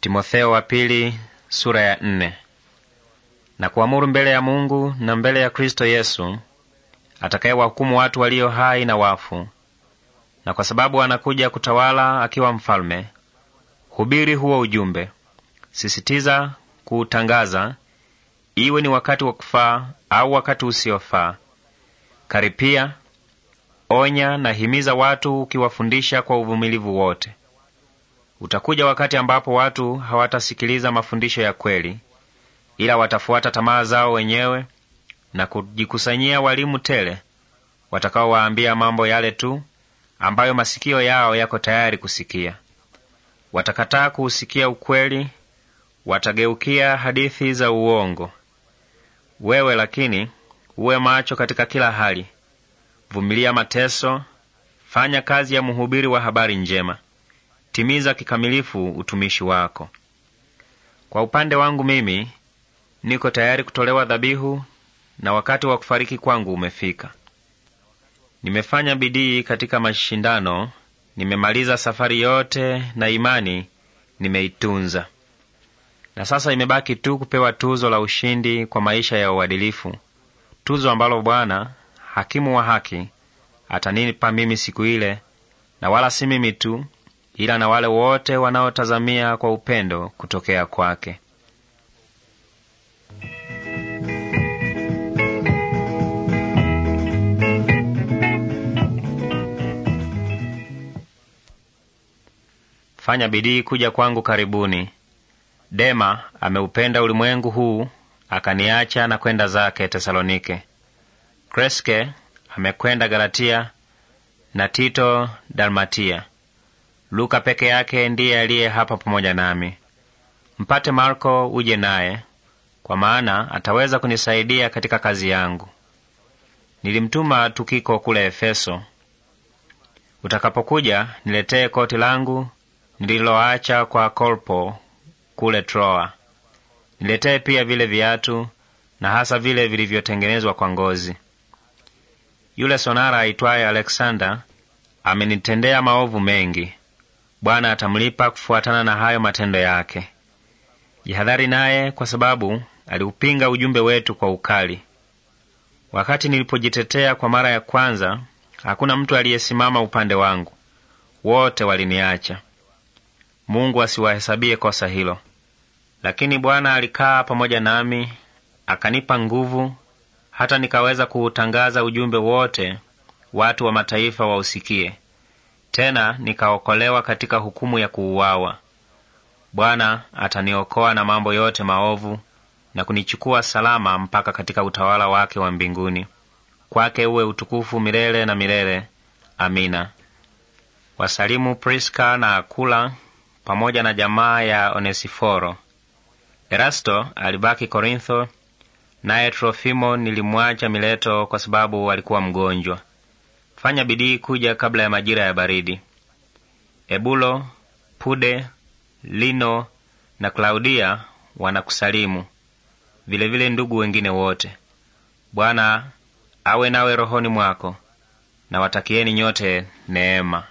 Timotheo wa pili, sura ya nne. Na kuamuru mbele ya Mungu na mbele ya Kristo Yesu atakayewahukumu watu walio hai na wafu, na kwa sababu anakuja kutawala akiwa mfalme, hubiri huo ujumbe, sisitiza kuutangaza, iwe ni wakati wa kufaa au wakati usiofaa. Karipia, onya na himiza watu, ukiwafundisha kwa uvumilivu wote. Utakuja wakati ambapo watu hawatasikiliza mafundisho ya kweli, ila watafuata tamaa zao wenyewe na kujikusanyia walimu tele watakaowaambia mambo yale tu ambayo masikio yao yako tayari kusikia. Watakataa kuusikia ukweli, watageukia hadithi za uongo. Wewe lakini uwe macho katika kila hali, vumilia mateso, fanya kazi ya mhubiri wa habari njema timiza kikamilifu utumishi wako. Kwa upande wangu mimi niko tayari kutolewa dhabihu, na wakati wa kufariki kwangu umefika. Nimefanya bidii katika mashindano, nimemaliza safari yote, na imani nimeitunza, na sasa imebaki tu kupewa tuzo la ushindi kwa maisha ya uadilifu, tuzo ambalo Bwana hakimu wa haki atanipa mimi siku ile, na wala si mimi tu ila na wale wote wanaotazamia kwa upendo kutokea kwake. Fanya bidii kuja kwangu karibuni. Dema ameupenda ulimwengu huu akaniacha na kwenda zake Tesalonike. Kreske amekwenda Galatia na Tito Dalmatia. Luka peke yake ndiye aliye hapa pamoja nami. Mpate Marko uje naye, kwa maana ataweza kunisaidia katika kazi yangu. Nilimtuma Tukiko kule Efeso. Utakapokuja niletee koti langu nililoacha kwa Kolpo kule Troa. Niletee pia vile viatu na hasa vile vilivyotengenezwa kwa ngozi. Yule sonara aitwaye Aleksanda amenitendea maovu mengi. Bwana atamlipa kufuatana na hayo matendo yake. Jihadhari naye, kwa sababu aliupinga ujumbe wetu kwa ukali. Wakati nilipojitetea kwa mara ya kwanza, hakuna mtu aliyesimama upande wangu, wote waliniacha. Mungu asiwahesabie kosa hilo. Lakini Bwana alikaa pamoja nami, akanipa nguvu, hata nikaweza kuutangaza ujumbe wote, watu wa mataifa wausikie. Tena nikaokolewa katika hukumu ya kuuawa. Bwana ataniokoa na mambo yote maovu na kunichukua salama mpaka katika utawala wake wa mbinguni. Kwake uwe utukufu milele na milele. Amina. Wasalimu Priska na Akula pamoja na jamaa ya Onesiforo. Erasto alibaki Korintho, naye Trofimo nilimwacha Mileto kwa sababu alikuwa mgonjwa. Fanya bidii kuja kabla ya majira ya baridi. Ebulo, Pude, Lino na Klaudia wanakusalimu vilevile, vile ndugu wengine wote. Bwana awe nawe rohoni mwako, na watakieni nyote neema.